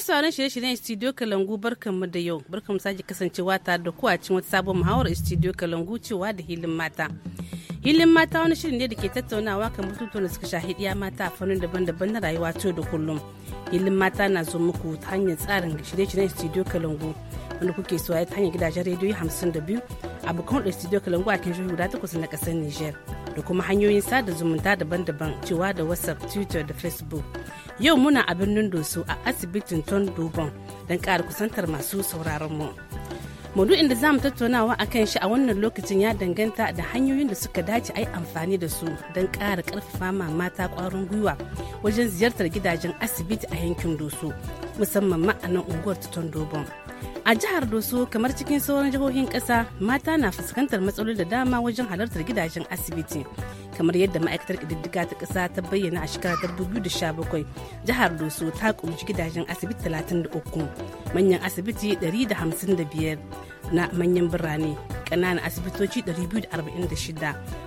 sauran shirye-shiryen studio kalangu barkanmu da yau barkanmu sake kasancewa tare da kuwa a wata sabon muhawarar studio kalangu cewa da hilin mata hilin mata wani shirin ne da ke tattaunawa kan batutuwan da suka shahi ɗiya mata a fannin daban-daban na rayuwa to da kullum hilin mata na zo muku ta hanyar tsarin shirye-shiryen studio kalangu wanda kuke so ya hanyar gidajen rediyo 52 abokan da studio kalangu a kan guda takwas na kasar niger da kuma hanyoyin sada zumunta daban-daban cewa da whatsapp twitter da facebook yau muna a birnin doso a asibitin ton dubon don ƙara kusantar masu sauraron mu inda za mu tattaunawa a kan shi a wannan lokacin ya danganta da hanyoyin da suka dace a yi amfani da su don ƙara ƙarfafa ma mata ƙwarin gwiwa wajen ziyartar gidajen asibiti a yankin doso musamman ma a nan unguwar tuton dubon a jihar doso kamar cikin sauran jihohin ƙasa mata na fuskantar matsaloli da dama wajen halartar gidajen asibiti kamar yadda ma'aikatar ƙididdiga ta ƙasa ta bayyana a shekarar 2017 jihar doso ta ƙunshi gidajen asibiti 33 manyan asibiti 155 na manyan birane ƙananan asibitoci 246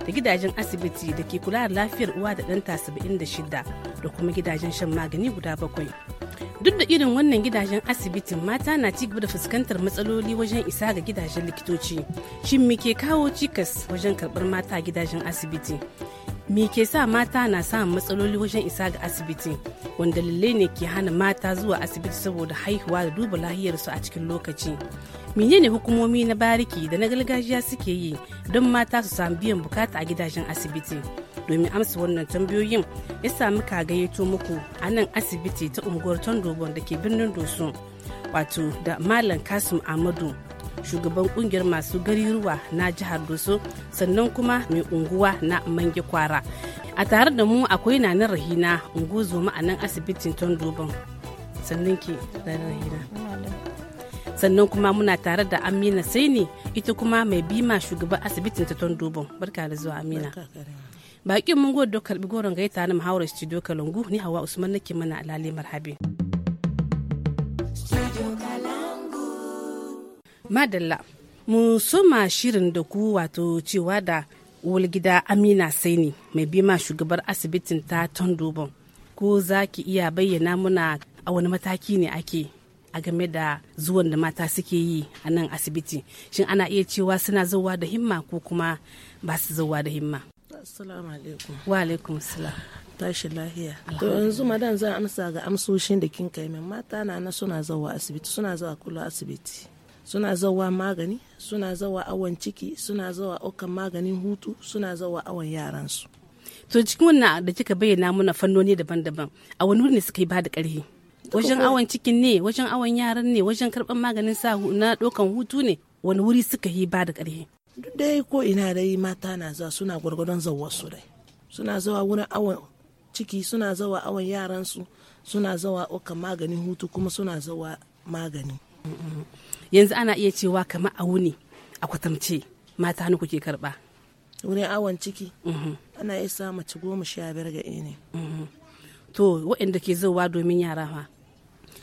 da gidajen asibiti da ke kula da lafiyar uwa da ɗanta 76 da kuma gidajen shan magani guda bakwai duk da irin wannan gidajen asibitin mata na ci gaba da fuskantar matsaloli wajen isa ga gidajen likitoci shin me ke kawo cikas wajen karɓar mata gidajen asibiti me ke sa mata na samun matsaloli wajen isa ga asibiti wanda lalle ne ke hana mata zuwa asibiti saboda haihuwa da duba lahiyarsu a cikin lokaci menene hukumomi na bariki da na gargajiya suke yi don mata su samu biyan bukata a gidajen asibiti domin amsa wannan tambayoyin ya sami gayyato muku a nan asibiti ta unguwar tondobon da ke birnin doso wato da malam kasim amadu shugaban kungiyar masu gariruwa na jihar doso sannan kuma mai unguwa na mange kwara a tare da mu akwai na,na rahina unguwa zoma a nan asibitin tondobon sannan ke rahina sannan kuma muna tare da amina saini ita kuma mai bima shugaban asibitin ta tondubon barka da zuwa amina bakin mun gode da karbi goron gaita na muhawar studio kalungu ni hawa usman nake mana alale marhabi madalla mu soma shirin da ku wato cewa da gida amina saini mai bima shugabar asibitin ta tondubon ko za ki iya bayyana muna a wani mataki ne ake a game da zuwan da mata suke yi a nan asibiti shin ana iya cewa suna zuwa da himma ko kuma ba su zuwa da himma assalamu alaikum wa alaikum salam tashi lahiya to yanzu madan zan amsa ga amsoshin da kin kai min mata na na suna zuwa asibiti suna zuwa kula asibiti suna zawa magani suna zawa awon ciki suna zawa aukan maganin hutu suna zawa awon yaransu to cikin wannan da kika bayyana muna fannoni daban-daban a wani ne suka yi ba da ƙarfi wajen awon cikin ne wajen awon yaran ne wajen karban maganin sa na dokan hutu ne wani wuri suka yi ba da ƙarfi duk dai ko ina dai mata na zuwa suna gwargwadon zawar su dai suna zawa wurin awon ciki suna zawa awon yaran su suna zawa oka maganin hutu kuma suna zawa magani yanzu ana iya cewa kamar a wuni a kwatance mata hannu kuke karba wurin awon ciki mhm. ana iya sa mace goma sha biyar ga ne mhm. to waɗanda ke zauwa domin yara ma.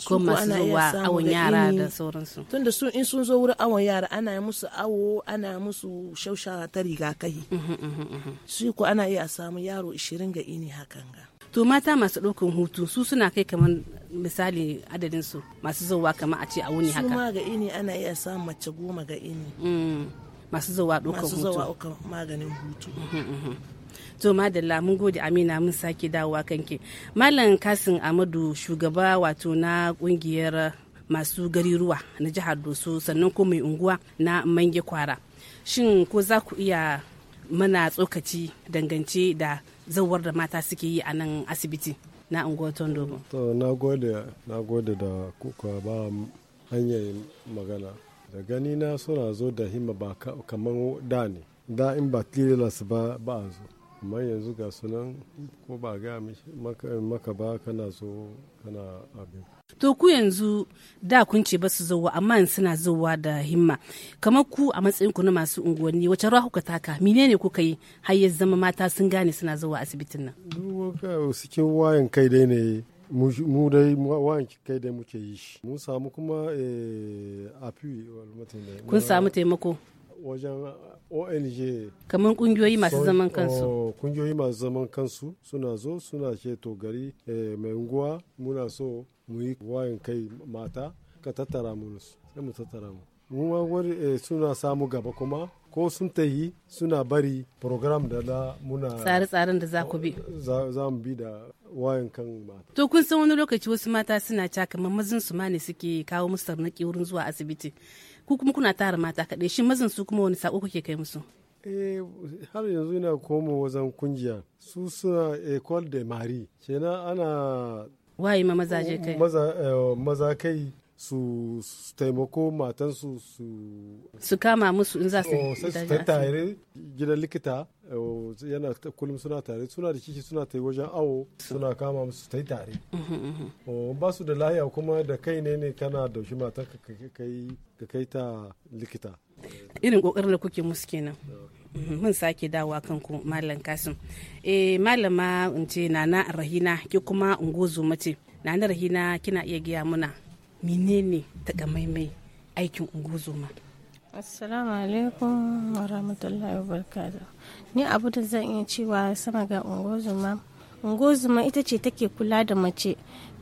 ko masu zuwa awon yara eh, da sauransu tunda su in sun zo wurin awon yara ana yi musu awo ana musu shaushawa ta kai mhm, mhm, mhm, su ko ana iya samu yaro 20 ga ini hakan ga to mata masu ɗaukan hutu su suna kai kamar misali adadin su masu zowa kamar a ce a wuni haka su ma ga ini ana iya samun mace goma ga ini mm, masu zowa ɗaukan hutu masu zowa maganin hutu to madalla mun gode amina mun sake dawowa kanki malam kasin amadu shugaba wato na kungiyar masu gariruwa na jihar doso sannan ko mai unguwa na mange kwara shin ko za ku iya mana tsokaci dangance da zawar da mata suke yi a nan asibiti na unguwar tondobo to na gode na gode da kuka ba hanyar magana da gani na suna zo da hima ba kamar da ne da in ba tilas ba ba a zo amma yanzu ga sunan ko ba ga maka ba kana so kana abin to ku yanzu da kun ce ba su zauwa amma yanzu suna zauwa da himma kamar ku a matsayin ku na masu unguwanni wace ruwa kuka taka menene kuka yi har ya zama mata sun gane suna zauwa asibitin nan duk cikin wayan kai dai ne mu dai wayan kai dai muke yi shi mun samu kuma eh, a e, kun samu taimako wajen uh, ong kamar kungiyoyi masu zaman kansu oh, kungiyoyi masu zaman kansu suna zo suna ce to gari eh, mai unguwa muna so mu yi wayan kai mata ka tattara mu sai mu tattara mu kuma wani eh, suna samu gaba kuma ko sun tahi suna bari program da na muna tsare-tsaren da za ku bi za mu bi da wayan kan mata to kun san wani lokaci wasu mata suna cakamar mazin su ma ne suke kawo musu tarnaki wurin zuwa asibiti ku kuma kuna tara mata kaɗai shi mazan su kuma wani sako kuke kai musu eh, har yanzu yana koma wajen kungiya su suna ecole de marie kenan ana waye ma mazaje kai maza eh, kai su taimako matansu su su kama musu in za su oh, ta tare gidan likita oh, yana kullum suna tare suna da kishi suna ta wajen awo suna kama musu ta tare mhm, mhm. Oh, ba su da lahiya kuma da kai ne ne kana daushi matan ka kai ta likita irin kokarin da kuke musu kenan mhm, mun sake kan kanku malam kasim eh malama in ce nana rahina ki kuma ungozu mace nana rahina kina iya giya muna menene takamaimai aikin unguzuma assalamu alaikum wa rahmatullahi wa ni abu da zan iya cewa sama ga ungozuma ungozuma ita ce take kula da mace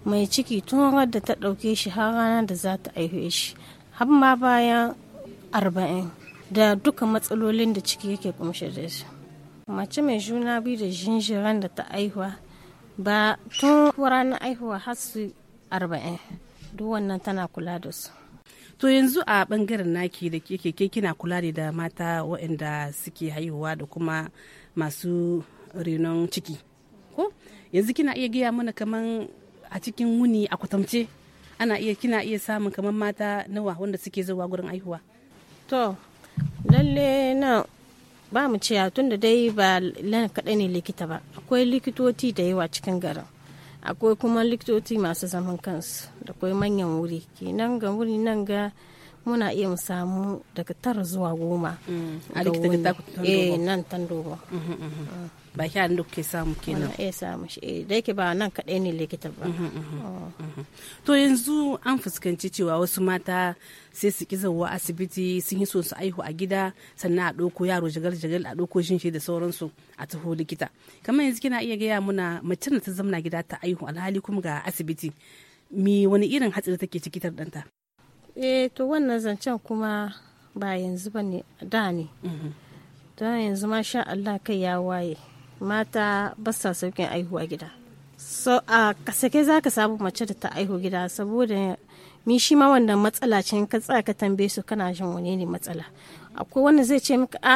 mai ciki tun da ta ɗauke shi har rana da za ta aihe shi har ma bayan arba'in da duka matsalolin da ciki yake kumshe da shi mace mai juna biyu da jinjiran da ta aihuwa ba tun ranar aihuwa har su arba'in duk wannan tana kula da su to yanzu a bangaren naki da ke ke kina kula ne da mata waɗanda suke haihuwa da kuma masu renon ciki ko yanzu kina iya gaya mana kaman a cikin wuni a kwatamce ana iya kina iya samun kaman mata nawa wanda suke zuwa gurin haihuwa to lalle na ba mu ce tun da dai ba lana kaɗai ne likita ba akwai likitoci da yawa cikin garin akwai kuma likitoci masu zaman kansu da kwai manyan wuri kenan ga wuri nan ga muna iya mu samu daga tara zuwa goma mm. a likita eh, nan tandoba ba ki da kuke samu kenan wannan eh samu shi eh, da ke ba nan kaɗai ne likita ba mhm, mhm, oh. mhm. to yanzu an fuskanci cewa wasu mata sai su ki zawa asibiti sun yi son su aihu a gida sannan a ɗauko yaro jagal jagal a ɗauko shin shi da sauransu a taho likita kamar yanzu kina iya gaya muna mace da ta zamna gida ta aihu alhali kuma ga asibiti mi wani irin hatsari take ciki tar ɗanta eh to wannan zancen kuma ba yanzu ba ne da ne don yanzu ma sha Allah kai ya waye mata basa sa sauƙin aihuwa gida so a kasake za ka samu mace da ta aihu gida saboda mi shi ma wannan matsala ce ka tsaya ka tambaye su kana jin wani ne matsala akwai wanda zai ce maka a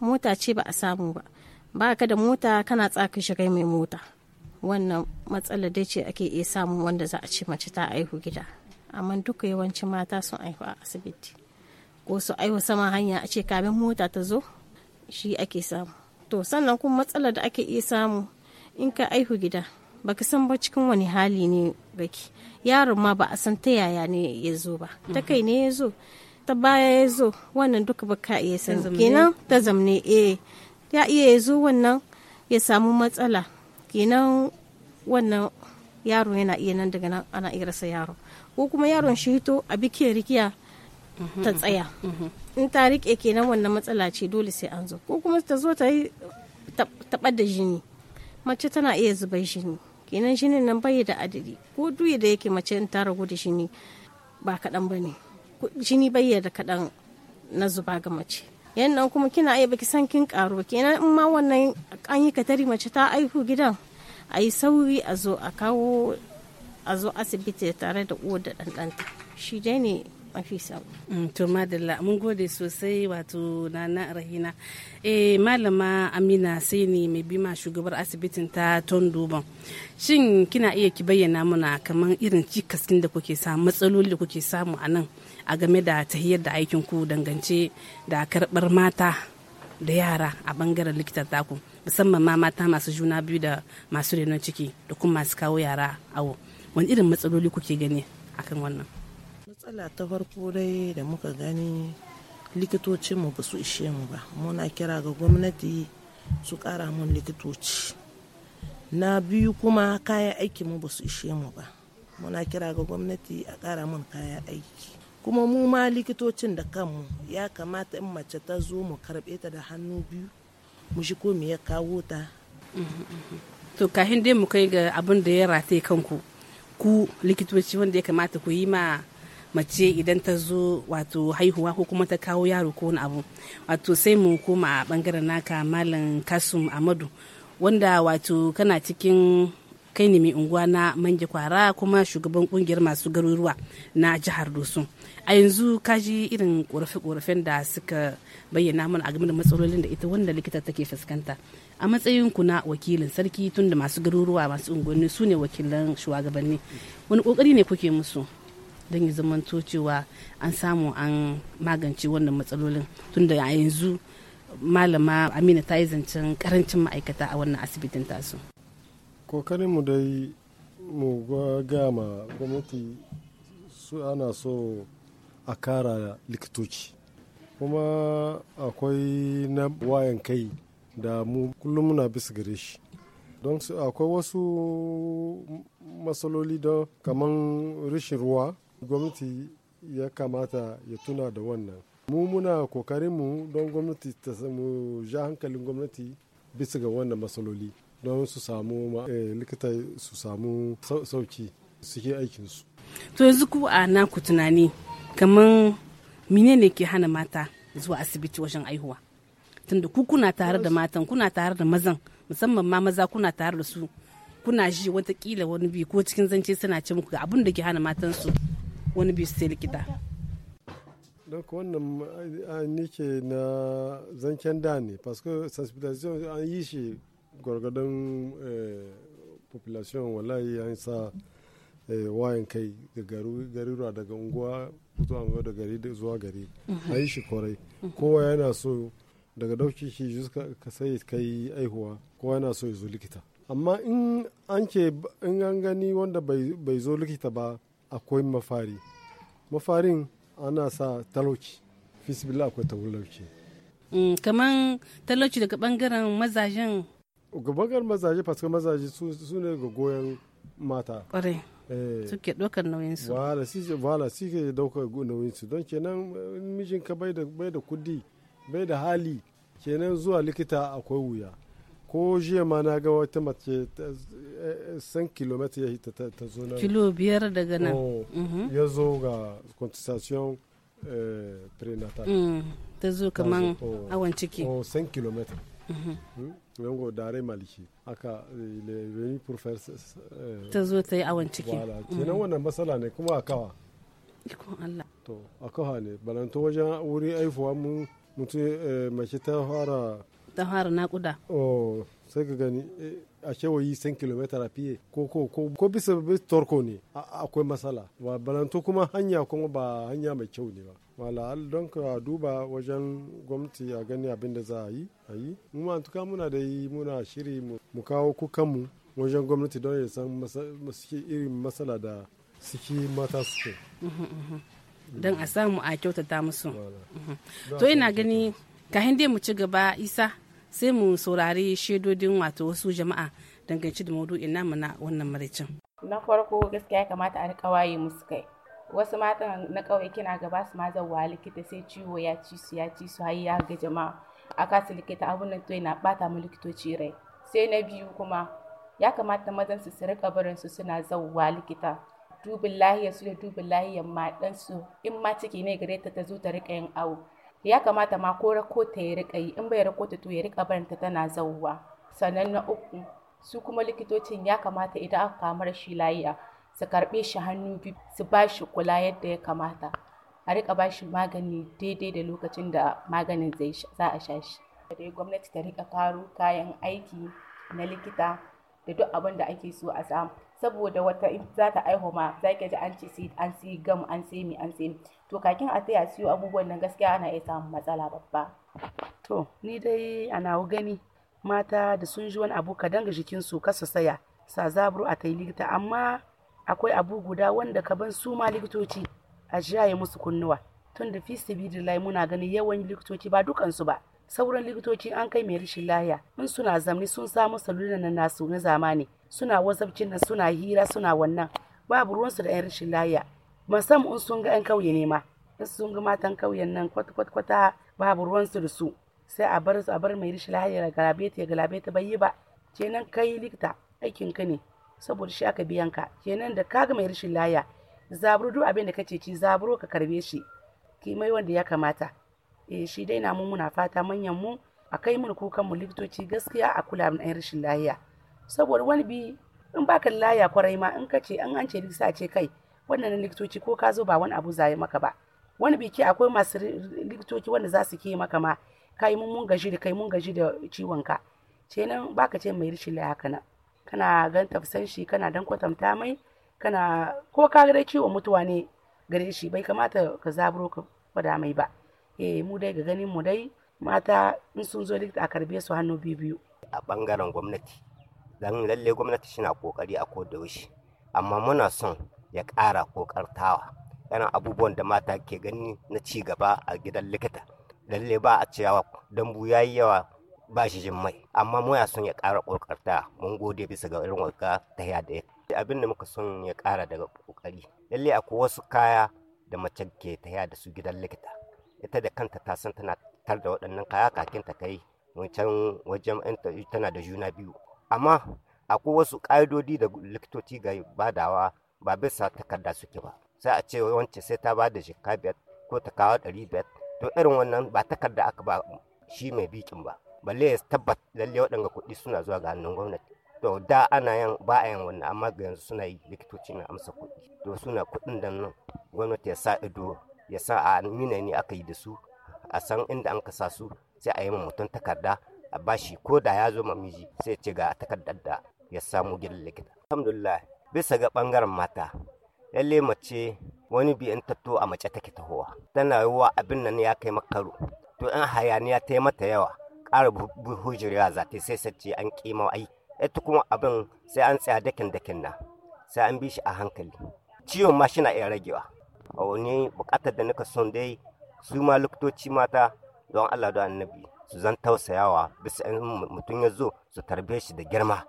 mota ce ba a samu ba ba ka da mota kana tsaka shiga mai mota wannan matsala dai ce ake iya samu wanda za a ce mace ta aihu gida amma duka yawancin mata sun aihu a asibiti ko su aihu sama hanya a ce kamin mota ta zo shi ake samu to sannan kuma matsalar da ake iya samu in ka aihu gida ka san ba cikin wani hali ne baki yaron ma ba a san ta yaya ne ya zo ba ta mhm. kai ne ya zo ta baya ya zo wannan duka ba ka iya san kenan ta zamne eh ya iya ya zo wannan ya samu matsala kenan wannan yaro yana iya nan daga nan ana iya rasa yaro ko kuma yaron shi hito a bikin rikiya ta mhm, tsaya mhm, mhm. in ta rike kenan wannan matsala ce dole sai an zo ko kuma ta zo ta yi da jini mace tana iya zubar jini kenan jinin nan bai da adadi ko duye da yake mace in ta ragu da jini ba kaɗan ba ne jini bai da kaɗan na zuba ga mace yan nan kuma kina iya baki san kin karo kenan in ma wannan an yi katari mace ta aihu gidan a yi sauri a zo a kawo a zo asibiti tare da uwar da ɗanɗanta shi dai ne afisa mm, to madalla mun gode sosai wato nana rahina eh malama amina sai ne mai bima shugabar asibitin ta tondobon shin kina iya ki bayyana muna kamar irin cikaskin da kuke samu matsaloli da kuke samu a nan a game da tahiyar da aikin ku dangance da karbar mata da yara a bangaren likitan taku musamman ma mata masu juna biyu da masu renon ciki da kuma masu kawo yara awo wani irin matsaloli kuke gani akan wannan matsala ta farko dai da muka gani mu ba su ishe mu ba muna kira ga gwamnati su kara mun likitoci na biyu kuma kayan aiki mu ba su ishe mu ba muna kira ga gwamnati a kara mun kayan aiki kuma mu ma likitocin da kanmu ya kamata in mace ta zo mu karɓe ta da hannu biyu mu shi me ya kawo ta to kahin dai mu kai ga abin da ya rataye kanku ku likitoci wanda ya kamata ku yi ma mace idan ta zo wato haihuwa ko kuma ta kawo yaro ko wani abu wato sai mu koma a bangaren naka malam kasum amadu wanda wato kana cikin kai ne mai unguwa na manje kwara kuma shugaban kungiyar masu garuruwa na jihar dosun a yanzu ka ji irin korafe-korafen da suka bayyana mana a game da matsalolin da ita wanda likita take fuskanta a matsayin ku na wakilin sarki tunda masu garuruwa masu unguwanni su ne wakilan shugabanni wani kokari ne kuke musu don ya zamanto cewa an samu an magance wannan matsalolin tunda yanzu malama amina ta yi zancen karancin ma'aikata a wannan asibitin tasu mu dai mu ga gama gwamnati su ana so a kara likitoci kuma akwai na wayan kai da mu kullum muna bisa gare shi don akwai wasu matsaloli da kamar rishin ruwa gwamnati ya kamata ya tuna da wannan mu muna mu don gwamnati ta samu ja hankalin gwamnati bisa ga wannan matsaloli don su samu eh, likita su samu sauki suke aikinsu to yanzu ku a naku tunani kamar mine ne ke hana mata zuwa asibiti wajen aihuwa tunda ku kuna tare da matan kuna tare da mazan musamman ma maza kuna tare da su kuna ji watakila wani bi ko cikin zance suna ce muku ga abin da ke hana matan su wani biyu sai likita don wannan nike na zancen da ne paske sensibilisation an yi shi gwargwadon eh, population wallahi an sa eh, wayan kai da garuruwa daga unguwa zuwa unguwa da gari zuwa gari mhm. a yi shi kwarai mhm. kowa yana so daga dauki shi zuwa sai kai aihuwa kowa yana so ya zo likita amma in an ke in an gani wanda bai zo likita ba akwai mafari mafarin ana sa talauci fisibila akwai talauci mm, kaman talauci daga bangaren mazajen ga bangaren mazaje fasika mazaje su ne ga goyon mata kwarai eh. suke daukar nauyin su wala si wala si ke daukar nauyin su don kenan mijin ka bai da bai da kudi bai da hali kenan zuwa likita akwai wuya ko jiya ma na ga wata mace eh, eh, san kilomita ya yi ta zo na kilo biyar daga nan oh, mhm. ya zo ga contestation eh, prenatal mm, ta zo kaman oh. awon ciki o oh, san kilomita mhm. hmm? yango dare maliki aka le veni pour faire ta zo ta yi awon ciki wala mhm. kenan wannan matsala ne kuma a kawa ikon Allah to a kawa ne balanto wajen wuri aifuwa mun mutu mace ta fara ta fara nakuda oh sai ka gani eh, a kewayi 100 km fiye ko ko ko ko bisa torko ne akwai matsala ba balanto kuma hanya kuma ba hanya mai kyau ne ba wala don ka duba wajen gwamnati a gani abin da za a yi a yi mu ma tuka muna da yi muna shiri mu kawo kukanmu wajen gwamnati don ya san irin matsala da suke mata suke mhm, mhm. don a samu a kyautata musu mhm. to ina gani kahin dai mu ci gaba isa sai mu saurari shaidodin wato wasu jama'a dangance da maudu'in namu na wannan maricin na farko gaskiya kamata a rika waye musu kai wasu matan na ƙauye kina gaba su ma zan likita sai ciwo ya ci su ya ci su har ya ga jama'a a kasa likita abun nan to yana bata mu likitoci rai sai na biyu kuma ya kamata mazan su su rika barin su suna zauwa likita dubin lahiyar su da dubin lahiyar ma su in ma ciki ne gare ta ta zo ta rika yin awo ya kamata ma ko rakota ya rika yi in bai rakota to ya rika barinta tana zauwa sannan na uku su kuma likitocin ya kamata idan aka kama rashin lafiya su karbe shi hannu biyu su ba shi kula yadda ya kamata a rika ba shi magani daidai da lokacin da maganin zai za a sha shi dai gwamnati ta rika karo kayan aiki na likita da duk abin da ake so a samu saboda wata za ta aihu ma za ki ji an ci an sai gam an sai mi an sai to kakin a tsaya siyo abubuwan nan gaskiya ana iya samun matsala babba to ni dai a nawa gani mata da sun ji wani abu kadan ga jikin su kasa saya sa zaburu a tai likita amma akwai abu guda wanda ka ban su ma likitoci a jaye musu kunnuwa tun da fi muna ganin yawan likitoci ba dukansu ba sauran likitoci an kai mai rashin lahiya in suna zamani sun samu na nasu na zamani suna wasabcin nan suna hira suna wannan babu ruwansu da 'yan rashin lahiya musamman in sun ga 'yan kauye ne ma in sun ga matan kauyen nan kwata-kwata babu ruwansu da su sai a bar su a bar mai rishi lahiyar galabe ta galabe ta bai yi ba kenan kai likita aikin ka ne saboda shi aka biyan ka kenan da kaga mai rishi lahiya zaburo duk abin da kace ci zaburo ka karbe shi ki mai wanda ya kamata eh shi dai na mu muna fata manyan mu a kai mun kukan mu likitoci gaskiya a kula da ɗan rishin lahiya saboda wani bi in baka laya kwarai ma in kace an an ce likita ce kai wannan likitoci ko ka zo ba wani abu zai maka ba wani biki akwai masu likitoci wanda za su ke maka ma kai mun mun gaji da kai mun gaji da ciwon ka ce nan baka ce mai rishin laya kana kana gan tafsan shi kana dan kwatamta mai kana ko ka ga ciwon mutuwa ne gare shi bai kamata ka zaburo ka fada mai ba eh mu dai ga ganin mu dai mata in sun zo likita a karbe su hannu biyu biyu a bangaren gwamnati dan lalle gwamnati suna kokari a koda amma muna son ya ƙara ƙoƙartawa irin abubuwan da mata ke gani na ci gaba a gidan likita lalle ba a ciyawa dambu ya yi yawa ba shi jin mai amma ya son ya ƙara ƙoƙarta mun gode bisa ga irin wanka ta ya da abin da muka son ya ƙara daga ƙoƙari lalle akwai wasu kaya da mace ke ta da su gidan likita ita da kanta ta san tana tar da waɗannan kaya kakin ta kai wancan wajen tana da juna biyu amma akwai wasu ƙa'idodi da likitoci ga badawa ba bisa takarda suke ba sai a ce wance sai ta ba da shinkafa biyar ko ta kawo ɗari biyar to irin wannan ba takarda aka ba shi mai bikin ba balle ya tabbat lalle waɗanga kuɗi suna zuwa ga hannun gwamnati to da ana yin ba a yin wannan amma ga yanzu suna yi likitoci na amsa kuɗi to suna kuɗin da nan gwamnati ya sa ido ya sa a mina ne aka yi da su a san inda an sa su sai a yi mutum takarda a bashi ko da ya zo ma miji sai ya ce ga takardar da ya samu gidan likita alhamdulillah bisa ga ɓangaren mata lalle mace wani in tatto a mace take tahowa tana yiwuwa abin nan ya kai makaro to in hayaniya ta yi mata yawa ƙara buhujirewa za ta sai sace an kima ai ita kuma abin sai an tsaya dakin dakin na sai an bi shi a hankali ciwon ma shi na iya ragewa a wani bukatar da nika son dai su ma likitoci mata don allah da annabi su zan tausayawa bisa mutum ya zo su tarbe shi da girma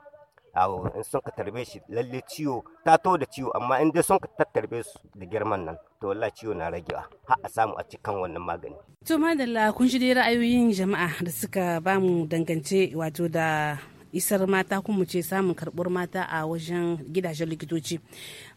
awo in sun ka tarbe shi lalle ciwo ta to da ciwo amma in dai sun ka tattarbe su da girman nan to wallah ciwo na ragewa har a samu a cikin wannan magani to madalla kun shi dai ra'ayoyin jama'a da suka bamu dangance wato da isar mata kuma ce samun karɓar mata a wajen gidajen likitoci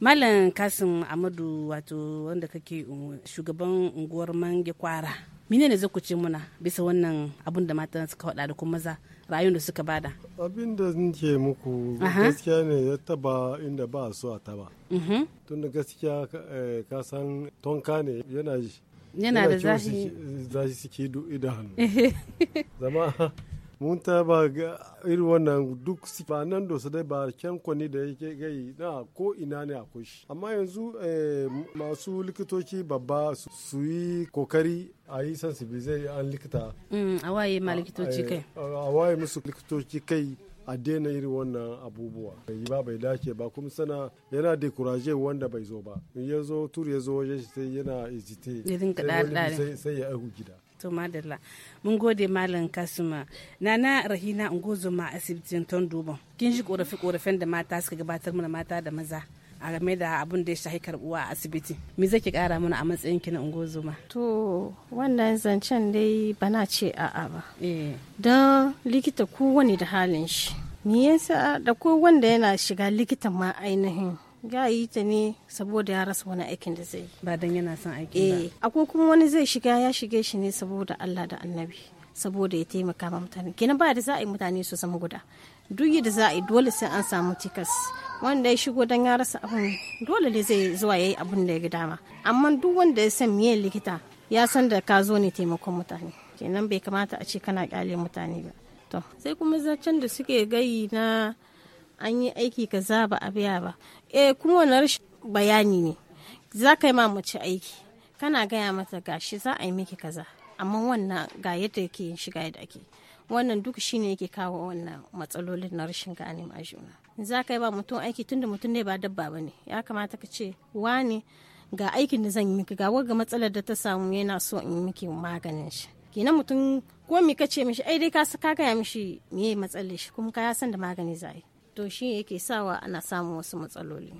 malam kasim amadu wato wanda kake shugaban unguwar mange kwara mine ne zaku ce muna bisa wannan abun da mata suka faɗa da kuma maza rayuwar da suka bada abin da nke muku gaskiya ne ya taba inda ba so a taba mhm. tun da gaskiya eh, ka san tonka ne yana yana da zashi suke idan zama mun ta ba ga irin wannan duk ba nan dosa dai ba kyan kwani da yake gai na ko ina ne akwai shi amma yanzu eh, masu likitoci babba su yi kokari a yi sensibilizai an likita mm, a waye ma likitoci eh, kai a waye musu likitoci kai a daina irin wannan abubuwa bai ba bai dace ba kuma sana yana dekuraje wanda bai zo ba in ya zo tur ya zo wajen shi sai yana izite sai ya aihu gida to madalla mun gode malam kasuma nana rahina ungozuma asibitin tondubo kin shi korafi korafen da mata suka gabatar mana mata da maza a game da abin da ya shahi karbuwa a asibiti me zaki kara mana a matsayin ki na ungozuma to wannan zancen dai bana ce a'a ba eh. don likita kowane da halin shi me yasa da ko wanda yana shiga likitan ma ainihin ya yi ta ne saboda ya rasa wani aikin da zai ba dan yana son aiki ba a eh, akwai kuma wani zai shiga ya shige shi ne saboda Allah da Annabi saboda ya taimaka ma mutane kenan ba da za a yi mutane su zama guda duk yadda za a yi dole sai an samu tikas wanda ya shigo dan ya rasa abin dole ne zai zuwa yayi abun da ya ga dama amma duk wanda ya san miye likita ya san da ka zo ne taimakon mutane kenan bai kamata a ce kana kyale mutane ba to sai kuma zacen da suke gayi na an yi aiki kaza ba a biya ba eh kuma wani rashin bayani ne za ka yi ma mace aiki kana gaya mata gashi za a yi miki kaza amma wannan ga yadda yake yin shiga yadda ake wannan duk shi ne yake kawo wannan matsalolin na rashin gane a juna za ka yi ba mutum aiki tun da mutum ne ba dabba ba ne ya kamata ka ce ne ga aikin da zan yi miki ga wagga matsalar da ta samu yana so in yi miki maganin shi kenan mutum ko mi ka ce mishi ai dai ka gaya mishi me matsalar shi kuma ka san da magani za yi to shi yake sawa ana samun wasu matsaloli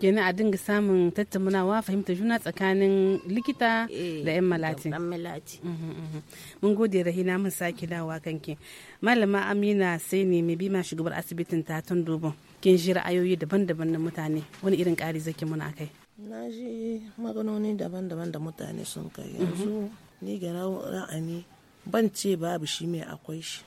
kenan a dinga samun tattaunawa fahimta juna tsakanin likita eh, da 'yan malati mhm, mhm, mhm. mun gode rahina mun sake dawa kanki malama amina sai ne mai bima shugabar asibitin ta tun dubon kin shi ra'ayoyi daban-daban na mutane wani irin ƙari zaki muna kai na ji maganoni daban-daban da mutane sun kai yanzu ni ga ra'ani ban ce babu shi mai akwai shi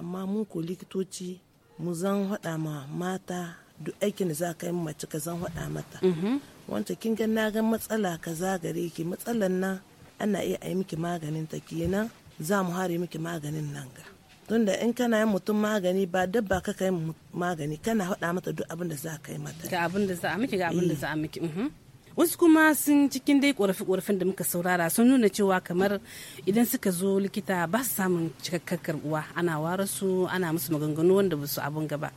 amma mun ko likitoci mu zan hada ma mata duk aikin da za ka yi mace ka zan hada mata mhm. wanda kin ga na ga matsala ka gare ki matsalan nan ana iya yi miki maganin ta kenan za mu hare miki maganin nan ga tunda in kana yin mutum magani ba dabba ka kai magani kana hada mata duk abin da za ka yi mata ga abin da za a miki ga abin da eh. za a miki mhm. wasu kuma sun cikin dai korafi-korafin da muka saurara sun nuna cewa kamar idan suka zo likita ba su samun cikakkar karɓuwa ana ware su ana musu maganganu wanda ba su abin gaba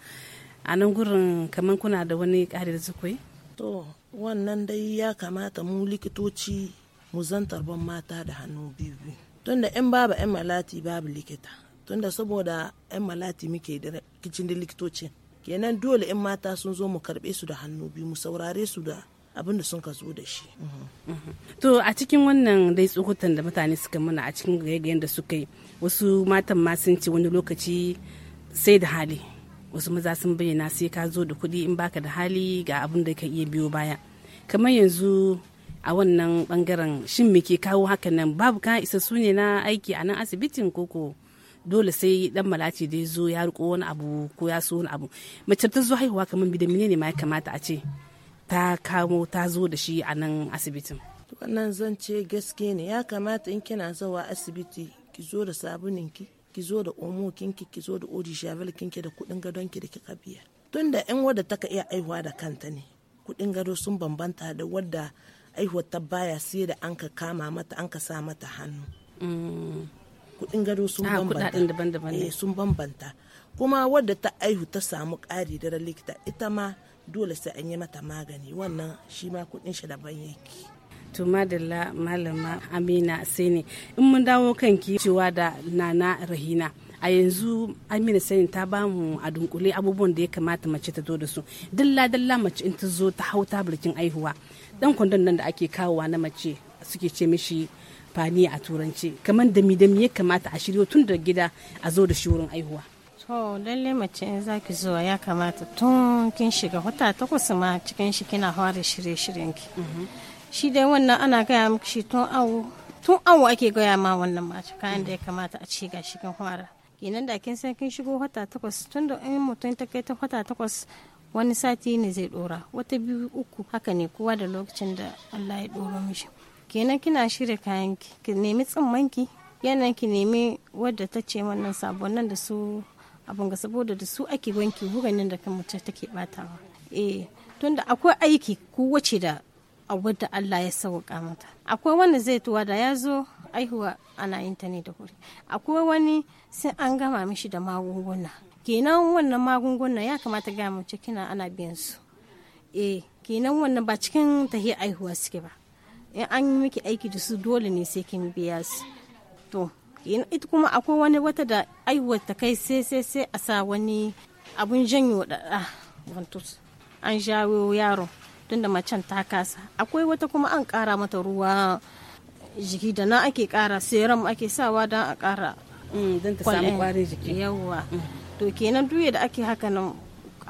a nan gurin kamar kuna da wani ƙari da kai. to wannan dai ya kamata mu likitoci mu zantar ban mata da hannu biyu biyu tunda in babu yan malati babu likita tunda saboda yan malati muke da kicin da likitocin kenan dole in mata sun zo mu karbe su da hannu biyu mu saurare su da abin da sun ka zo da shi. To a cikin wannan dai tsohutan da mutane suka mana a cikin gayyayen da suka yi wasu matan ma sun ce wani lokaci sai da hali wasu maza sun bayyana sai ka zo da kuɗi in baka da hali ga abin da ka iya biyo baya kamar yanzu a wannan bangaren shin me ke kawo hakan nan babu ka isa su ne na aiki a nan asibitin koko dole sai dan malaci da ya zo ya riko wani abu ko ya so wani abu mace ta zo haihuwa kamar bidan ne ma ya kamata a ce ta kamo ta zo da shi a nan asibitin wannan zan ce gaske ne ya kamata in kina zawa asibiti ki zo da sabuninki ki zo da omo kinki ki zo da odi shavel kinki da kudin gadon ki da kika biya tun da yan wadda ka iya aihuwa da kanta ne kudin gado sun bambanta da wadda aihuwar ta baya sai da an ka kama mata an ka sa mata hannu mm. kudin gado sun ah, bambanta eh, sun bambanta kuma wadda ta aihu ta samu ƙari da likita ita ma dole sai an yi mata magani wannan shi ma kudin shi daban yake to madalla malama amina sai ne in mun dawo kanki cewa da nana rahina a yanzu amina sani ta ba mu a dunkule abubuwan da ya kamata mace ta zo da su dalla dalla mace in ta zo ta hau tabirkin aihuwa dan kwandon nan da ake kawowa na mace suke ce mishi fani a turanci kamar dami dami ya kamata a shirya tun da gida a zo da shi wurin aihuwa To lalle mace in zaki zuwa ya kamata tun kin shiga wata takwas ma cikin shi kina fara shirye-shiryen ki. Mhm. Shi dai wannan ana gaya miki shi tun awo tun awo ake gaya ma wannan mace kayan da ya kamata a ci gashi kin fara. Kenan da kin san kin shigo wata takwas tun da in mutum ta kai ta wata takwas wani sati ne zai dora wata biyu uku haka ne kowa da lokacin da Allah ya dora mishi. Kenan kina shirya kayan ki ki nemi tsimman ki yanan ki nemi wadda ta ce wannan sabon nan da su abin ga saboda da su ake wanki wurin da kan mace take batawa eh tunda akwai aiki ku wace da abu da Allah ya sauka mata akwai wani zai tuwa da ya zo aihuwa ana yin ta ne da wuri akwai wani sai an gama mishi da magunguna kenan wannan magunguna ya kamata ga mace kina ana biyan su eh kenan wannan ba cikin tahi aihuwa suke ba in an yi miki aiki da su dole ne sai kin biya su to ita kuma akwai wani wata da aiwuwar ta kai sai sai sai a sa wani abun janyo da ah, an jawo yaro da macen ta kasa akwai wata kuma an kara mata ruwa jiki da na ake kara serum ake sawa don a kara mm, don yawwa mm. to kenan duye da ake haka nan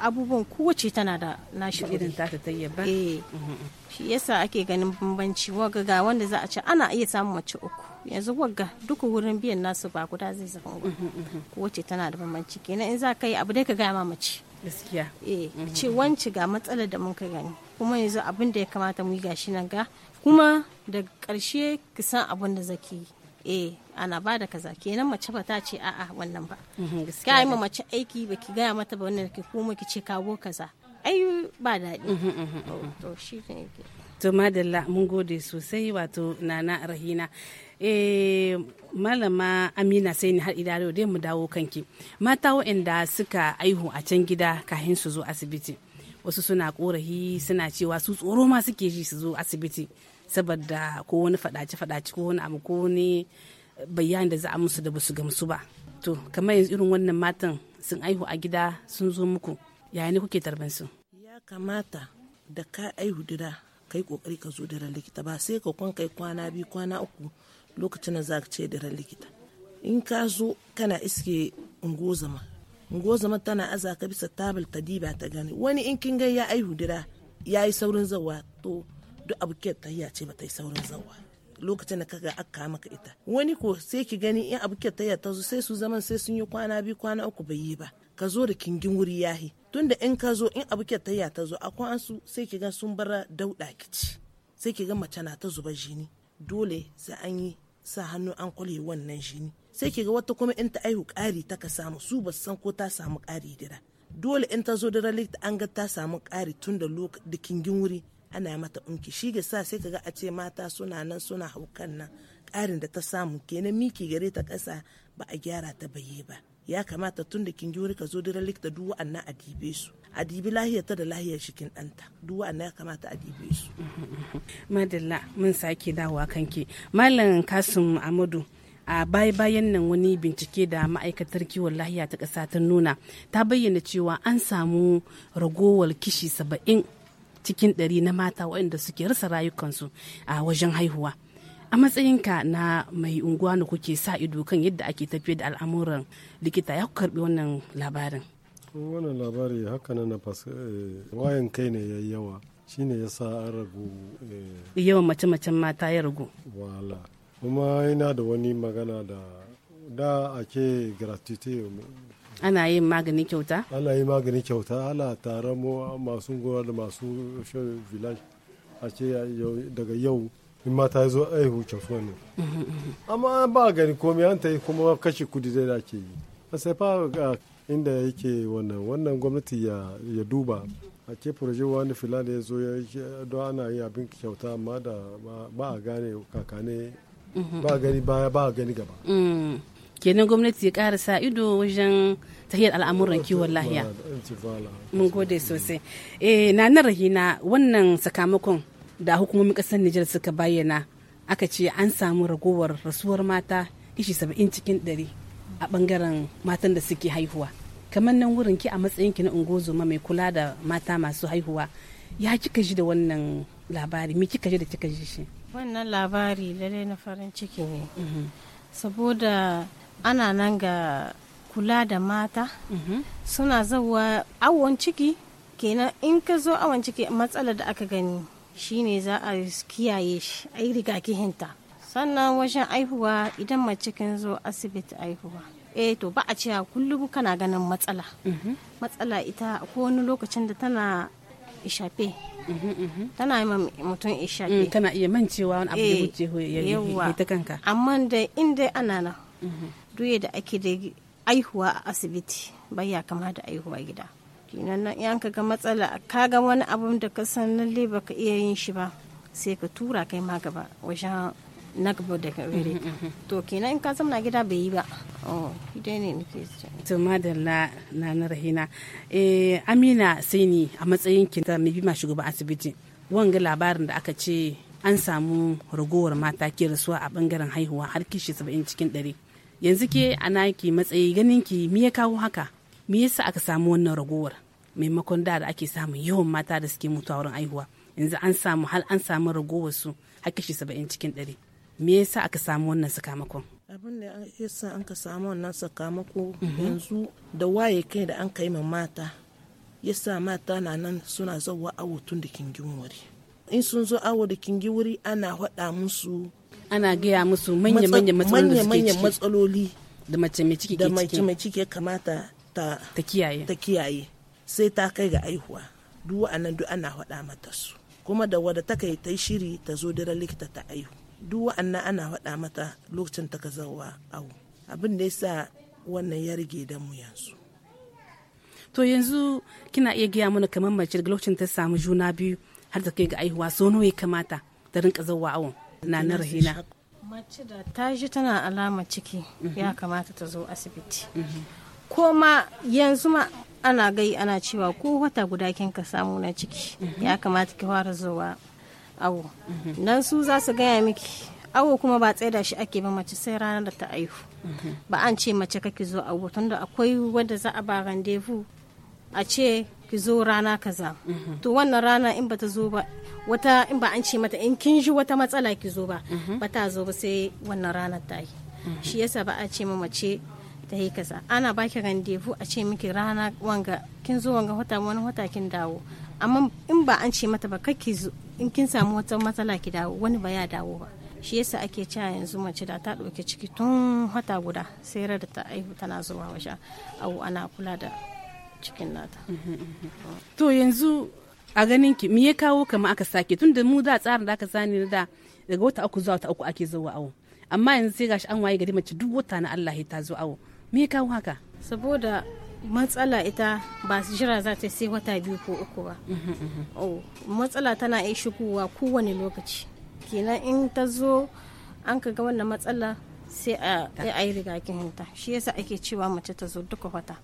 abubuwan kowace tana da nashi irin ta ta eh. mm-hmm. shi yasa ake ganin bambanci waga ga wanda za a ce ana iya samun mace uku yanzu wagga duka wurin biyan nasu ba guda zai zama ba mm-hmm, mm-hmm. kowace tana da bambanci kenan in za ka yi abu dai ka gaya ma mace gaskiya eh ce wance ga matsalar da mun ka gani kuma yanzu abin da ya kamata mu yi gashi nan ga kuma da ƙarshe ki san abin da zaki yi e ana ba da kaza kenan mace ba ta ce a'a wannan ba mhm, ka yi ma mace aiki ba ki gaya mata ba wannan ki kuma ki ce kawo kaza ai ba daɗi mhm, mhm, to shi ne to madalla mun gode sosai wato nana rahina eh, malama amina sai ni har idaro dai mu dawo kanki mata waɗanda suka aihu a can gida kahin su zo asibiti wasu suna korahi suna cewa su tsoro ma suke ji su zo asibiti saboda ko wani faɗace-faɗace ko wani abu ko wani bayani da za a musu da ba su gamsu ba to kamar yanzu irin wannan matan sun aihu a gida sun zo muku yaya ne kuke tarban su ya kamata da ka aihu dira kai kokari ka zo daren likita ba sai ka kwan kai kwana biyu kwana uku lokacin da za ka ce daren likita in ka zo kana iske ungozama ungozama tana aza ka bisa tabal ta diba ta gani wani in kin ga ya aihu dira ya yi saurin zawa to duk abu ke ce ba ta yi saurin zawa lokacin da kaga aka kama ka ita wani ko sai ki gani in abu ke tahiya ta zo sai su zaman sai sun yi kwana biyu kwana uku bai yi ba ka zo da kingin wuri yahi tunda in ka zo in abu ke tahiya ta zo akwai an su sai ki ga sun bar dauda kici sai ki ga mace na ta zuba jini dole sai an yi sa hannu an kwale wannan jini sai ki ga wata kuma in ta aihu kari ta ka samu su ba san ko ta samu kari dira dole in ta zo da likita an ga ta samu kari tun da kingin wuri ana mata unki shi ga sa sai kaga a ce mata suna nan suna haukan nan ƙarin da ta samu kenan miki gare ta ƙasa ba a gyara ta baye ba ya kamata tun da kingiyoyi ka zo dira likta duk wa'annan a dibe su a dibi lahiyar ta da lahiyar shikin ɗanta duk wa'annan ya kamata a dibe su. madalla mun sake dawowa kanki malam kasim amadu a baya bayan nan wani bincike da ma'aikatar kiwon lahiya ta ƙasa ta nuna ta bayyana cewa an samu ragowar kishi saba'in cikin ɗari na mata waɗanda suke rasa rayukansu a wajen haihuwa a matsayinka na mai unguwa na kuke sa ido kan yadda ake tafiye da al'amuran likita ya karbi wannan labarin wannan labari haka na eh, wayan kai ne ya yawa shine ya sa an ragu eh, yawan mace-macen mata ya ragu wala kuma yana da wani magana da da ake gratuity ana yin magani kyauta ana yi magani kyauta ana taron masu gora da masu shan village a ce daga yau in mata ya zo aihu kyautuwa ne mm-hmm. amma ba gani komai an ta yi kuma kashe kudi zai da ke yi a sai fa inda yake wannan wannan gwamnati ya duba a ke furaje wani filan ya zo don ana yi abin kyauta amma da ba a gane kakane mm-hmm. ba gani baya ba gani gaba mm. kenan gwamnati ya ƙara sa ido wajen tahiyar al'amuran kiwon lahiya mun gode sosai eh na nan rahina wannan sakamakon da hukumomin ƙasar Nijar suka bayyana aka ce an samu ragowar rasuwar mata kishi saba'in cikin ɗari a bangaren matan da suke haihuwa kamar nan wurin ki a matsayin ki na ungozoma mai kula da mata masu haihuwa ya kika ji da wannan labari me kika ji da kika ji shi wannan labari lalle na farin ciki ne mhm. saboda ana nan ga kula da mata mhm. suna zawa awon ciki kenan in ka zo awon ciki matsalar da aka gani shine za a kiyaye shi a yi rigakihinta sannan wajen aihuwa idan mace kin zo asibiti aihuwa eh to ba a cewa kullum kana ganin matsala mhm. matsala ita ko wani lokacin da tana ishafe mhm, tana yi mutum ishafe mm, tana iya mancewa wani abu da ya eh, wuce ya ta kanka amma da inda ana nan duye da ake da aihuwa a asibiti bai ya kama da aihuwa gida kinan nan in ka ga matsala ka ga wani abun da ka san lalle baka iya yin shi ba sai ka tura kai ma gaba wajen na gaba da ka mm-hmm, mm-hmm. to kenan in ka zamana gida bai yi ba oh idan ne nake to madalla na na rahina eh amina sai ni a matsayin ki ta mai ma shugaban asibiti wanga labarin da aka ce an samu ragowar mata ke rasuwa a bangaren haihuwa har kishi 70 cikin 100 yanzu ke ana naki matsayi ganin ki mi ya kawo haka me yasa aka samu wannan ragowar maimakon da da ake samun yawan mata da suke mutuwa wurin aihuwa yanzu an samu hal an samu ragowar su har kashi saba'in cikin ɗari me yasa aka samu wannan sakamakon abin da yasa an ka samu wannan sakamako mhm. yanzu da waye kai da an kai ma mata yasa mata na nan suna zawa awo tun da kingin wuri in sun zo awo da kingi wuri ana faɗa musu ana gaya musu manya-manyan matsaloli da mace mai ciki da mace mai ciki ya kamata ta kiyaye ta kiyaye sai ta kai ga aihuwa duk wa'annan duk ana faɗa mata su kuma da wadda ta kai ta yi shiri ta zo dira likita ta aihu duk wa'annan ana faɗa mata lokacin ta zauwa awu abin da sa wannan ya rige da mu yanzu to yanzu kina iya gaya mana kamar mace daga lokacin ta samu juna biyu har ta kai ga aihuwa so nawa ya kamata ta rinka zauwa awon na na rahina mace da ta ji tana alama ciki mhm. ya kamata ta zo asibiti mhm. ko ma yanzu ma ana gai ana cewa ko wata guda kin ka samu na ciki mhm. ya kamata ki fara zuwa awo nan su za su gaya miki awo kuma ba tsaida shi ake ba mace sai ranar da ta aihu ba an ce mace kake zo awo tunda akwai wanda za a ba randevu a ce ki zo rana kaza mhm. to wannan rana in bata zo ba wata in ba an ce mata in kin ji wata matsala ki zo ba mhm. ta zo ba sai wannan rana ta yi mhm. shi yasa ba a ce mace ta yi kaza ana baki randevu a ce miki rana wanga kin zo wanga wata wani wata kin dawo amma in ba an ce mata ba zo in kin samu wata matsala ki dawo wani ba ya dawo ba shi yasa ake cewa yanzu mace da ta ɗauki ciki tun wata guda sai da ta aihu tana zuwa wajen awo ana kula da cikin nata to yanzu a ganin ki ya kawo kama aka sake tun da mu da tsarin da aka na da daga wata uku zuwa wata uku ake zuwa awo amma yanzu sai gashi an waye gari mace duk wata na Allah ya ta zuwa awo me ya kawo haka saboda matsala ita ba su jira za ta sai wata biyu ko uku ba mm-hmm, mm-hmm. Oh, matsala tana iya shigowa kowane lokaci kenan in ta zo an ka ga wannan matsala sai a yi rigakihinta shi yasa ake cewa mace ta zo duka wata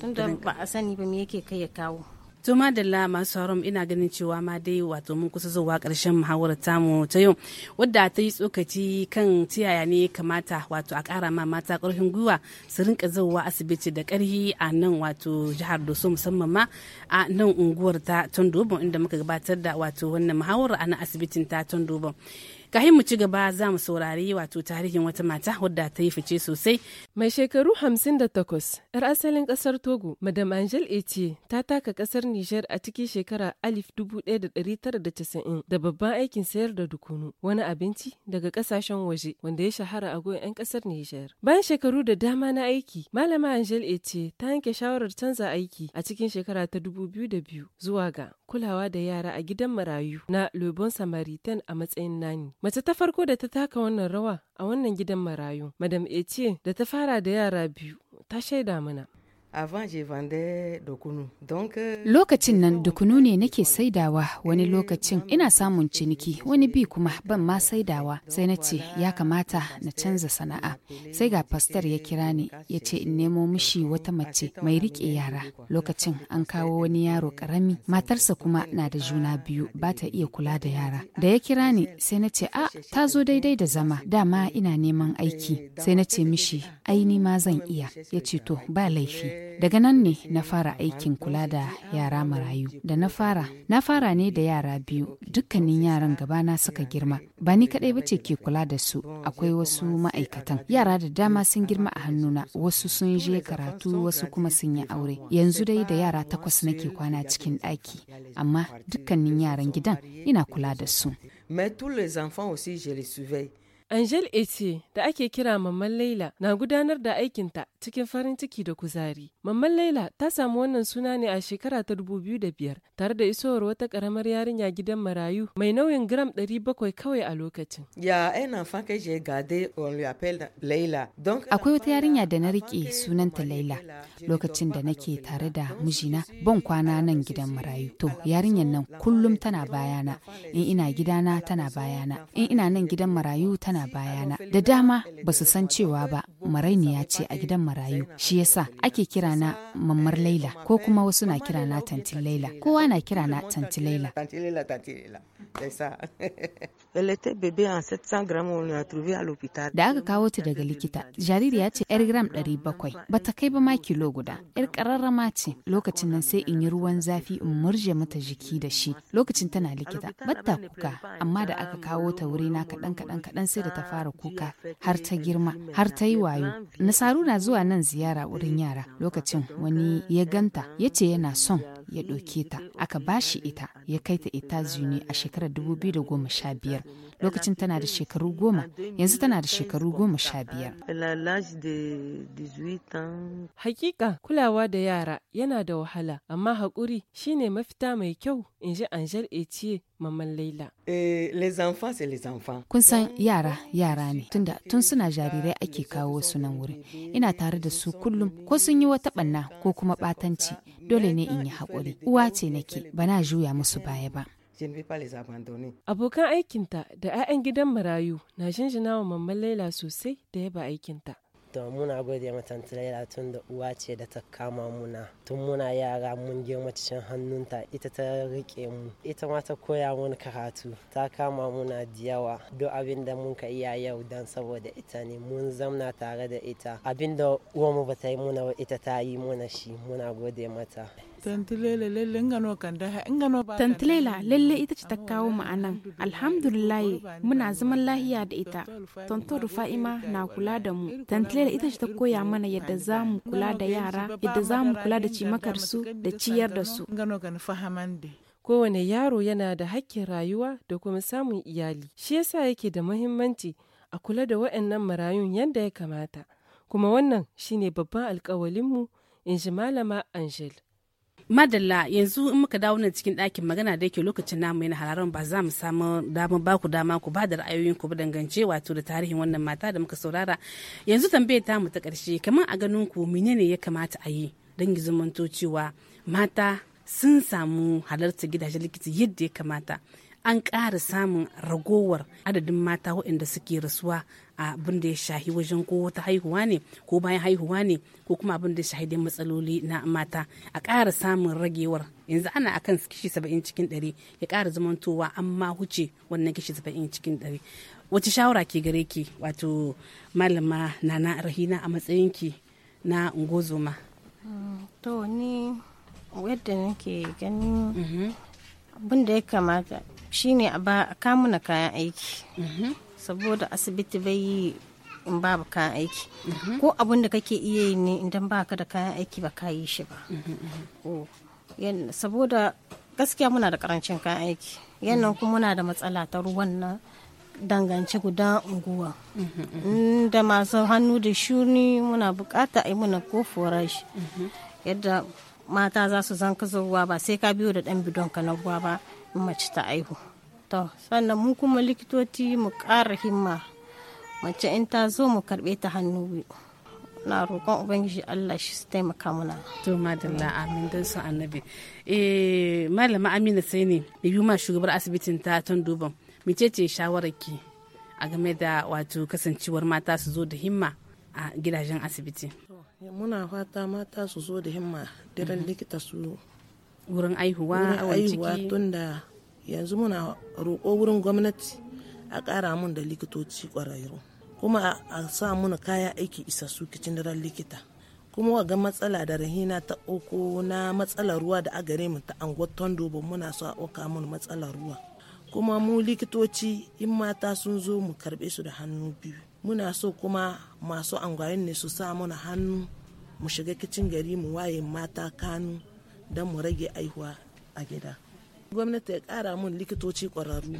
tunda ba a sani ba me yake kai ya kawo to madalla masu haram ina ganin cewa ma dai wato mun kusa zuwa karshen muhawarar tamu ta yau wadda ta yi tsokaci kan tiyaya ne kamata wato a kara ma mata karfin gwiwa su rinka zuwa asibiti da karhi a nan wato jihar doso musamman ma a nan unguwar ta tondobon inda muka gabatar da wato wannan muhawarar a nan asibitin ta tondobon kai mu ci gaba za mu saurari wato tarihin wata mata wadda ta yi fice sosai mai shekaru 58 'yar asalin kasar togo madam angel eti ta taka kasar niger a cikin shekara 1990 da babban aikin sayar da dukunu wani abinci daga kasashen waje wanda ya shahara a goyon 'yan kasar niger bayan shekaru da dama na aiki malama angel eti ta yanke shawarar canza aiki a cikin shekara ta 2002 zuwa ga kulawa da yara a gidan marayu na lebon samaritan a matsayin nani Mace ta farko da ta taka wannan rawa a wannan gidan marayu, Madam Ece da ta fara da yara biyu, ta shaida mana. Euh, lokacin nan dukunu ne nake saidawa wani lokacin ina samun ciniki wani bi kuma ban ma saidawa sai na ce ya kamata na canza sana'a sai ga pastar ya kira ni ya ce in nemo mishi wata mace mai rike yara lokacin an kawo wani yaro karami matarsa kuma na da juna biyu ba ta iya kula da yara da ya kira ni sai na ce a ah, ta zo daidai da zama dama ina neman aiki sai na ce mishi ai ni ma zan iya ya ce to ba laifi Daga nan ne na fara aikin kula da yara marayu. Da na fara, na fara ne da yara biyu, dukkanin yaran gabana suka girma. Ba ni kadai ba ce ke kula da su, akwai wasu ma'aikatan. Yara da dama sun girma a hannuna, wasu sun je karatu, wasu kuma sun yi aure. Yanzu dai da yara takwas nake kwana cikin ɗaki, amma dukkanin yaran gidan ina kula da su. Mais tous Angel Ece da ake kira Mamman Laila na gudanar da aikinta cikin farin ciki da kuzari. Mamman Laila ta samu wannan suna ne a shekara ta da biyar tare da isowar wata karamar yarinya gidan marayu mai nauyin gram bakwai kawai a lokacin. Ya ina fanka je gade on Laila. Akwai wata yarinya da na rike sunanta Laila lokacin da nake tare da mijina ban kwana nan gidan marayu. To yarinyar nan kullum tana bayana in ina gidana tana bayana in ina nan gidan marayu tana bayana da dama ba su san cewa ba marainiya ce a gidan marayu shi yasa ake kira na mammar laila ko kuma wasu na kira na tantin laila kowa na kira na tantin laila da aka kawo ta daga likita jaririya ce yar gram 700 ta kai ba ma kilo guda yar kararrama ce lokacin nan sai in yi ruwan zafi in murje mata jiki da shi lokacin tana likita batta kuka amma da aka kawo ta wuri na kaɗan kaɗan kaɗan sai da ta fara kuka har ta girma har ta yi wayo. Nasaru na zuwa nan ziyara wurin yara lokacin wani ya ganta ya ce yana son ya ɗauke ta aka ba shi ita ya kai ta Itazuni a shekarar 2015 lokacin tana da shekaru goma yanzu tana da shekaru goma sha biyar. Hakika kulawa da yara yana da wahala amma haƙuri shine mafita mai kyau in ji Anjar etie Maman Laila. Eh, Kun san yara yara ne tunda tun suna jarirai ake kawo su nan wurin ina tare da su kullum ko sun yi wata ɓanna ko kuma ɓatanci dole ne in yi haƙuri uwa ce nake bana juya musu baya ba abokan aikinta da 'ya'yan gidan marayu na shinjina wa mamman laila sosai da yaba aikinta to muna gode mata Turela tun da uwa ce da ta kama muna tun muna yara mun girma cikin hannunta ita ta rike mu ita ma ta koya mun karatu ta kama muna da yawa duk abin da mun ka iya yau dan saboda ita ne mun zamna tare da ita abin da uwa mu ba ta yi muna ita ta yi muna shi muna gode mata tantilela lalle ita ce ta kawo mu anan alhamdulillah muna zaman lahiya da ita tonton rufa'ima na kula da mu tantilela ita ce ta koya mana yadda za mu kula da yara yadda za mu kula da cimakar da ciyar da su kowane yaro yana da hakkin rayuwa da kuma samun iyali shi yasa yake da muhimmanci a kula da waɗannan marayun yadda ya kamata kuma wannan shine babban alkawalinmu in ji malama angel madalla yanzu in muka dawo nan cikin ɗakin magana da yake lokacin namu yana hararren ba za mu samu damar ba ku dama ku ba da ra'ayoyin ku dangance wato da tarihin wannan mata da muka saurara yanzu tambayar ta mu ta ƙarshe kamar a ganin ku menene ya kamata a yi don zumunto cewa mata sun samu halarta gidajen likita yadda ya kamata an ƙara samun ragowar adadin mata waɗanda suke rasuwa a abin da ya shahi wajen ko wata haihuwa ne ko bayan haihuwa ne ko kuma abin da ya shahi matsaloli na mata a ƙara samun ragewar yanzu ana a kan kishi saba'in cikin ɗari ya ƙara zamantowa an ma huce wannan kishi saba'in cikin ɗari wace shawara ke gare ki wato malama nana rahina a matsayinki na ungozoma mm, to ni yadda nake ganin mm-hmm. abin da ya kamata shine a ba kamuna kayan aiki mhm. saboda asibiti bai yi in babu kayan aiki mhm. ko abin da kake iya yi ne idan baka da kayan aiki ba ka yi shi ba mhm, saboda gaskiya muna da karancin kayan aiki yannan kuma muna da matsala ta ruwan na dangance guda unguwa mm, da masu hannu da shuni muna bukata a yi muna ko forashi yadda mata za su zanka ruwa ba sai ka biyo da ɗan bidon ka na ruwa ba in mace ta aihu to sannan mu kuma likitoci mu ƙara himma mace in ta zo mu karɓe ta hannu biyu na roƙon ubangiji Allah shi su taimaka mana. To madalla amin dan su annabi. Eh malama Amina sai ne biyu ma shugabar asibitin ta duban mice ce shawararki a game da wato kasancewar mata su zo da himma a gidajen asibiti. muna fata mata su zo da himma daren mhm. likita su wurin aihuwa aihuwa tunda yanzu muna roƙo wurin gwamnati a ƙara mun da likitoci ƙwararru kuma a sa mun kaya aiki isassu kicin daren likita kuma waga matsala da rahina ta uku na matsalar ruwa da agare mu ta anguwar tondo ba muna so a oka mun matsalar ruwa kuma mu likitoci in mata sun zo mu karɓe su da hannu biyu muna so kuma masu angwarin ne su sa mana hannu mu shiga kicin gari mu waye mata kanu don mu rage aihuwa a gida gwamnati ya kara mun likitoci kwararru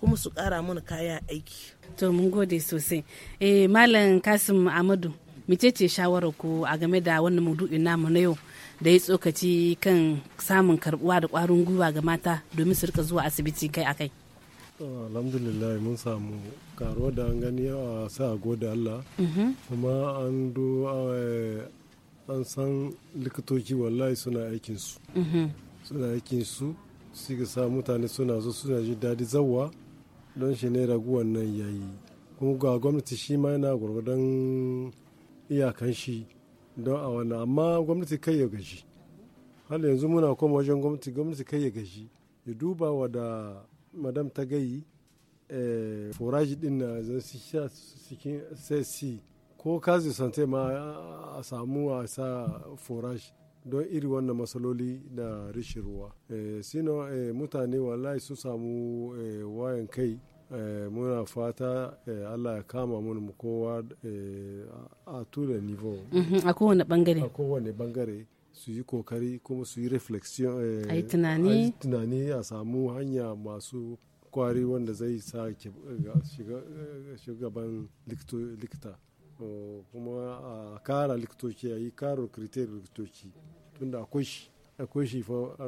kuma su kara mun kaya aiki to mun gode sosai eh malam kasim amadu mice ce shawarar ku a game da wannan maudu'in namu na yau da ya tsokaci kan samun karbuwa da kwarin gwiwa ga mata domin su rika zuwa asibiti kai a kai alhamdulillah mun samu karuwa da an gani a sa a goda allah mhm. kuma an do eh, an san likitoci wallahi suna aikinsu mhm. suna aikinsu su ga sa mutane suna zo suna ji dadi zawa don shi ne raguwan nan yayi kuma ga gwamnati shi ma yana gwargwadon iyakan shi don a wannan amma gwamnati kai ya gaji hal yanzu muna koma wajen gwamnati gwamnati kai ya gaji ya duba wa da madam ta gayi eh, foraji din na zan sha cikin sesi ko kazi sante ma a samu a sa foraji don iri wannan matsaloli na rishin ruwa eh, sino eh, mutane wallahi su samu wayan kai muna fata allah ya kama mun kowa a tura nivo mhm, a kowane bangare a kowane bangare su yi kokari kuma su yi reflexion eh, a yi tunani a samu hanya masu kwari wanda zai sa shugaban likita oh, kuma a kara likitoci a yi karo kriteri likitoci tunda akwai shi akwai shi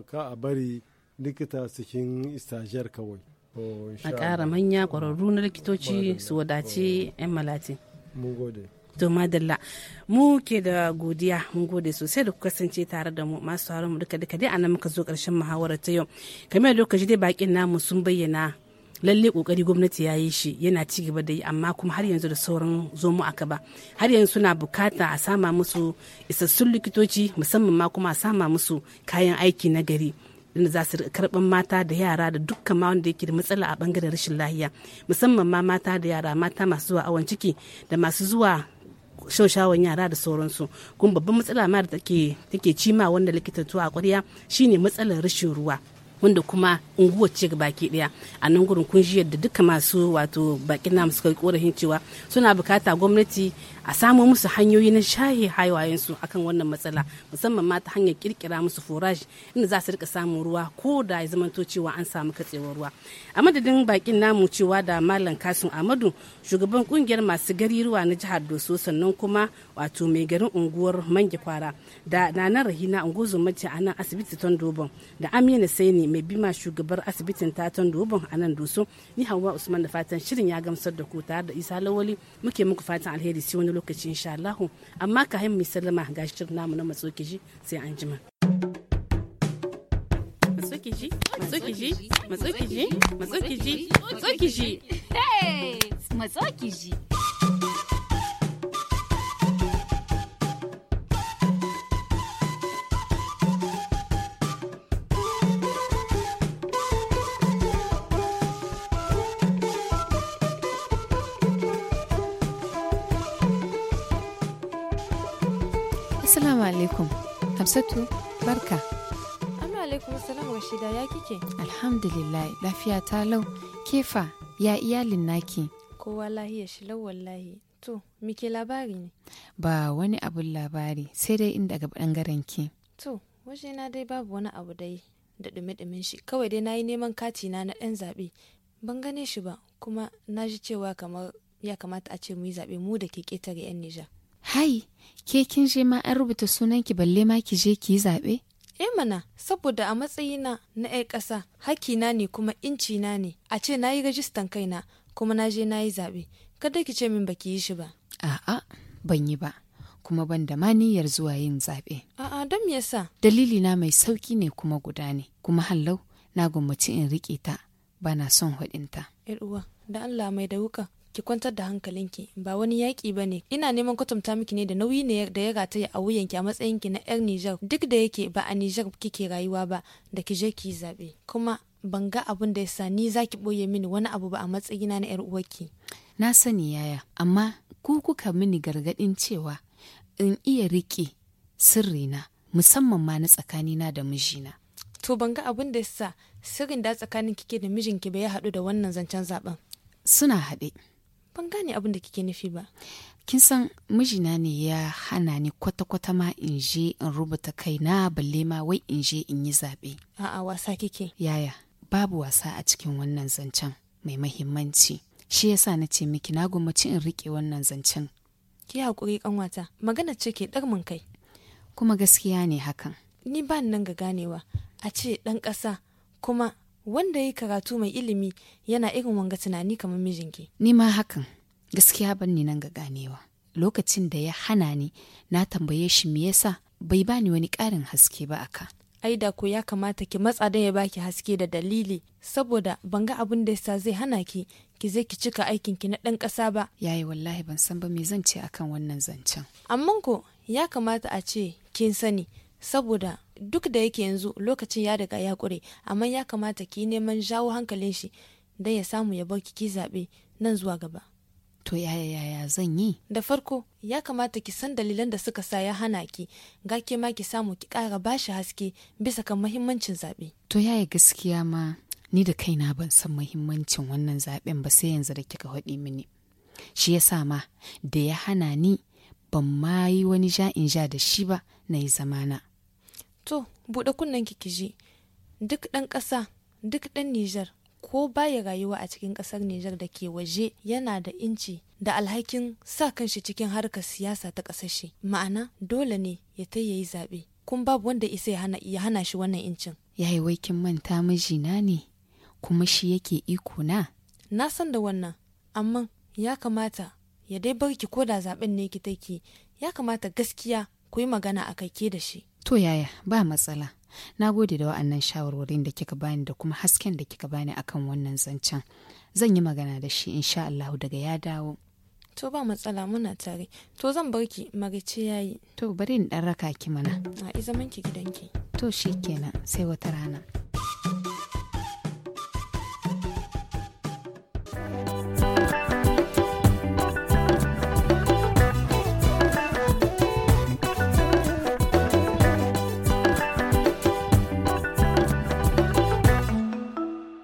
ka a bari likita cikin istashiyar kawai oh, a kara manya kwararru na likitoci su wadace oh. 'yan malati mun gode to madalla mu ke da godiya mun gode sosai da ku kasance tare da mu masu sauraron mu duka duka dai anan muka zo karshen muhawara ta yau kamar lokaci dai bakin namu sun bayyana lalle kokari gwamnati ya yi shi yana ci gaba da yi amma kuma har yanzu da sauran zo mu aka ba har yanzu suna bukata a sama musu isassun likitoci musamman ma kuma a sama musu kayan aiki na gari inda za su mata da yara da dukkan ma wanda yake da matsala a bangaren rashin lahiya musamman ma mata da yara mata masu zuwa awon ciki da masu zuwa shaushawan yara da sauransu kuma babban matsala ma da take ci ma wanda tuwa a ƙwarya shine matsalar rashin ruwa wanda kuma unguwar ce baki daya a nan gurin kun da duka masu wato bakin namu suka yi korafin cewa suna bukata gwamnati a samo musu hanyoyi na shaye hawayensu akan wannan matsala musamman ma ta hanyar kirkira musu forage inda za su rika samun ruwa ko da ya zamanto cewa an samu katsewar ruwa a madadin bakin namu cewa da malam kasim amadu shugaban kungiyar masu gari ruwa na jihar doso sannan kuma wato mai garin unguwar mangi kwara da nana rahina ungozo mace a nan asibiti tondobon da amina saini mai bima shugabar asibitin ta tondobon a nan doso ni hawa usman da fatan shirin ya gamsar da ku tare da isa lawali muke muku fatan alheri sai wani lokacin insha amma ka mu sallama ga shirin namu na matsokiji sai an jima matsokiji matsokiji matsokiji matsokiji matsokiji matsokiji alaikum. Hafsatu, barka. Amma alaikum wa shida ya kike? Alhamdulillah, lafiya ta lau. Kefa, ya iyalin naki? Kowa lahiya shi lau wallahi. To, muke labari ne? Ba wani abun labari, sai dai inda ga bangaren ki. To, na dai babu wani abu dai da dumi-dumin shi. Kawai dai na yi neman kati na na ɗan zaɓe. Ban gane shi ba, kuma na ji cewa kamar ya kamata a ce mu yi zaɓe mu da ke ƙetare 'yan Nijar. Hai, ke kin je ma an rubuta sunan sunanki balle ma ki je ki yi zaɓe? Eh mana, saboda a matsayina na 'yan ƙasa, hakina ne kuma incina ne, a ce na yi rajistan kaina kuma na je na yi zaɓe, kada ki ce min ba ki yi shi ba. A'a, ban yi ba, kuma ban da ma niyyar zuwa yin zaɓe. A'a, don me yasa? Dalili na mai sauƙi ne kuma guda ne, kuma hallau na gwammaci in riƙe ta, bana son hudinta. 'Yar uwa, da Allah mai da wuka, ki kwantar da hankalinki ba wani yaƙi ba ne ina neman kwatanta miki ne da nauyi ne da ya ya a wuyanki a matsayinki na yar Nijar duk da yake ba a Nijar kike rayuwa ba da ki je ki zaɓe kuma ban ga abin da yasa ni zaki ɓoye mini wani abu ba a matsayina na yar uwarki. Na sani yaya amma ku kuka mini gargaɗin cewa in iya riƙe sirrina musamman ma na tsakanina da mijina. To ban ga abin da yasa sirrin da tsakanin kike da mijinki bai haɗu da wannan zancen zaɓen. Suna haɗe. ban gane abin da kike nufi ba kin san mijina ne ya hana ni kwata-kwata ma in je in rubuta kai na balle ma wai in je in yi zaɓe a'a wasa kike yaya babu wasa a cikin wannan zancen mai mahimmanci shi yasa na ce miki na gwamnati in riƙe wannan zancen ki haƙuri ƙanwata magana ce ke ɗarmin kai kuma gaskiya ne hakan ni ba nan ga ganewa a ce ɗan ƙasa kuma wanda ya karatu mai ilimi yana irin wanga tunani kamar mijinki. Ni ma hakan gaskiya ban ni nan ga ganewa. Lokacin da ya hana ni na tambaye shi me yasa bai bani wani ƙarin haske ba aka. Ai da ko ya kamata ki matsa don ya baki haske da dalili saboda ban ga abin da yasa zai hana ki ki zai ki cika aikin ki na ɗan ƙasa ba. Yayi wallahi ban san ba me zan ce akan wannan zancen. Amman ko ya kamata a ce kin sani saboda duk da yake yanzu lokacin ya riga ya kure amma ya kamata ki neman jawo hankalin shi don ya samu ya bauki ki zaɓe nan zuwa gaba. To yaya yaya zan yi? Da farko ya kamata ki san dalilan da suka sa ya hana ki ga ke ma ki samu ki ƙara bashi haske bisa kan mahimmancin zaɓe. To yaya gaskiya ma ni da kaina ban san mahimmancin wannan zaɓen ba sai yanzu da kika haɗi mini. Shi ya sa ma da ya hana ni ban ma yi wani ja in ja da shi ba na yi zamana. to buɗe kunnen ki ji duk ɗan ƙasa duk ɗan nijar ko baya rayuwa a cikin ƙasar nijar da ke waje yana da inci da alhakin sa kanshi cikin harkar siyasa ta ƙasar shi ma'ana dole ne ya ta yi zaɓe kun babu wanda isa ya hana shi wannan incin yayi wai kin manta mijina ne kuma shi yake iko na na san da wannan amma ya kamata ya dai barki ko da zaɓen ne ki take ya kamata gaskiya ku yi magana a kai ke da shi To yaya ba matsala. Na gode da wa'annan shawarwarin da kika bani da kuma hasken da kika bani akan wannan zancen. Zan yi magana da shi insha Allahu daga ya dawo. To ba matsala muna tare. To zan barki marice yayi. To bari in dan raka ki mana. A zaman ki gidanki. To shikenan sai wata rana.